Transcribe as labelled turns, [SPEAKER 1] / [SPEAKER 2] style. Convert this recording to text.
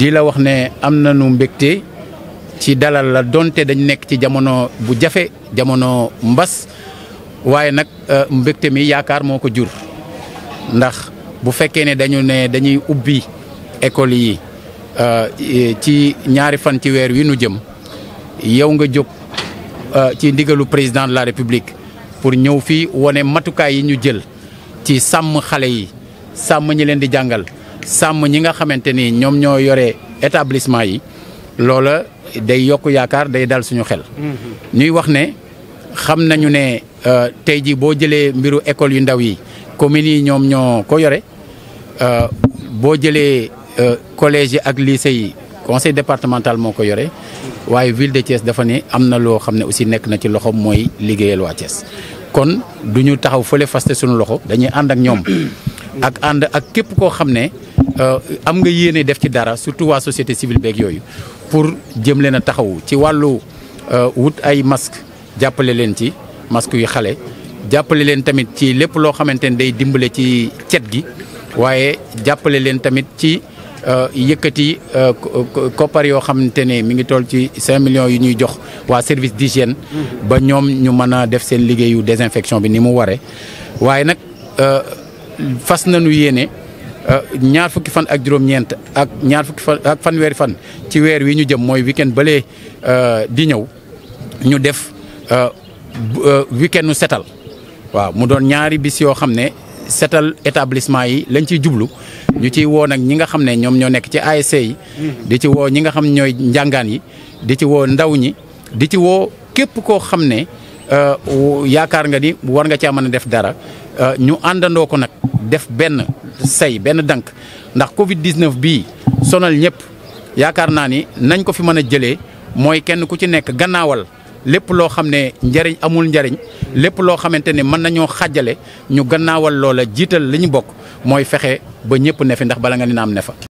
[SPEAKER 1] dii la wax ne am nañu mbégte ci dalal la donte dañ nekk ci jamono bu jafe jamono mbas waaye nag euh, mbégte mi yaakaar moo ko jur ndax bu fekkee ne dañu ne dañuy ubbi école yi euh, ci ñaari fan ci weer wi nu jëm yow nga jóg euh, ci ndigalu président de la république pour ñëw fii wane matukaay yi ñu jël ci sàmm xale yi sàmm ñi leen di jàngal sàmm ñi nga xamante ni ñoom ñoo yore établissement yi loola day yokk yaakaar day dal suñu xel. Mm-hmm. ñuy wax ne xam nañu ne euh, tey jii boo jëlee mbiru école yu ndaw yi communes yi ñoom ñoo ko yore euh, boo jëlee euh, collège ak lycée yi conseil départemental moo ko yore mm-hmm. waaye ville de Thiès dafa ne am na loo xam ne aussi nekk na ci loxoom mooy liggéeyal waa Thiès. kon du ñu taxaw fële faste suñu loxo dañuy ànd ak ñoom ak ànd ak képp koo xam ne euh, am nga yéene def ci dara surtout waa société civile beeg yooyu pour jëm leen a taxawu ci wàllu euh, wut ay masque jàppale leen ci masque yu xale jàppale leen tamit ci lépp loo xamante ne day dimbale ci cet gi waaye jàppale leen tamit ci euh, yëkkati koppar yoo xamante ne mi ngi tool ci 5 millions yu ñuy jox waa service d'hygiène mhm. ba ñoom ñu mën a def seen liggéeyu désinfection bi ni mu ware waaye nag euh, fas nañu yéene euh, ñaar fukki fan ak juróom-ñeent ak ñaar fukki fan ak fanweeri fan ci weer wi ñu jëm mooy weekend balee euh, di ñëw ñu def weekendu setal waaw mu doon ñaari bis yoo xam ne setal établissement yi lañ ciy jublu ñu ciy woo nag ñi nga xam ne ñoom ñoo nekk ci ASC e yi mhm. di ci woo ñi nga xam ñooy njàngaan yi di ci woo ndaw ñi di ci woo képp koo xam ne euh, yaakaar nga ni war nga caa mën a def dara euh, ñu àndandoo ko nag def benn say benn dank ndax Covid 19 bii sonal ñëpp yaakaar naa ni nañ ko fi mën a jëlee mooy kenn ku ci nekk gannaawal lépp loo xam ne njariñ amul njariñ lépp loo xamante ne mën nañoo xajale ñu gannaawal loola jiital li ñu bokk mooy fexe ba ñëpp ne fi ndax bala nga ni na am ne fa.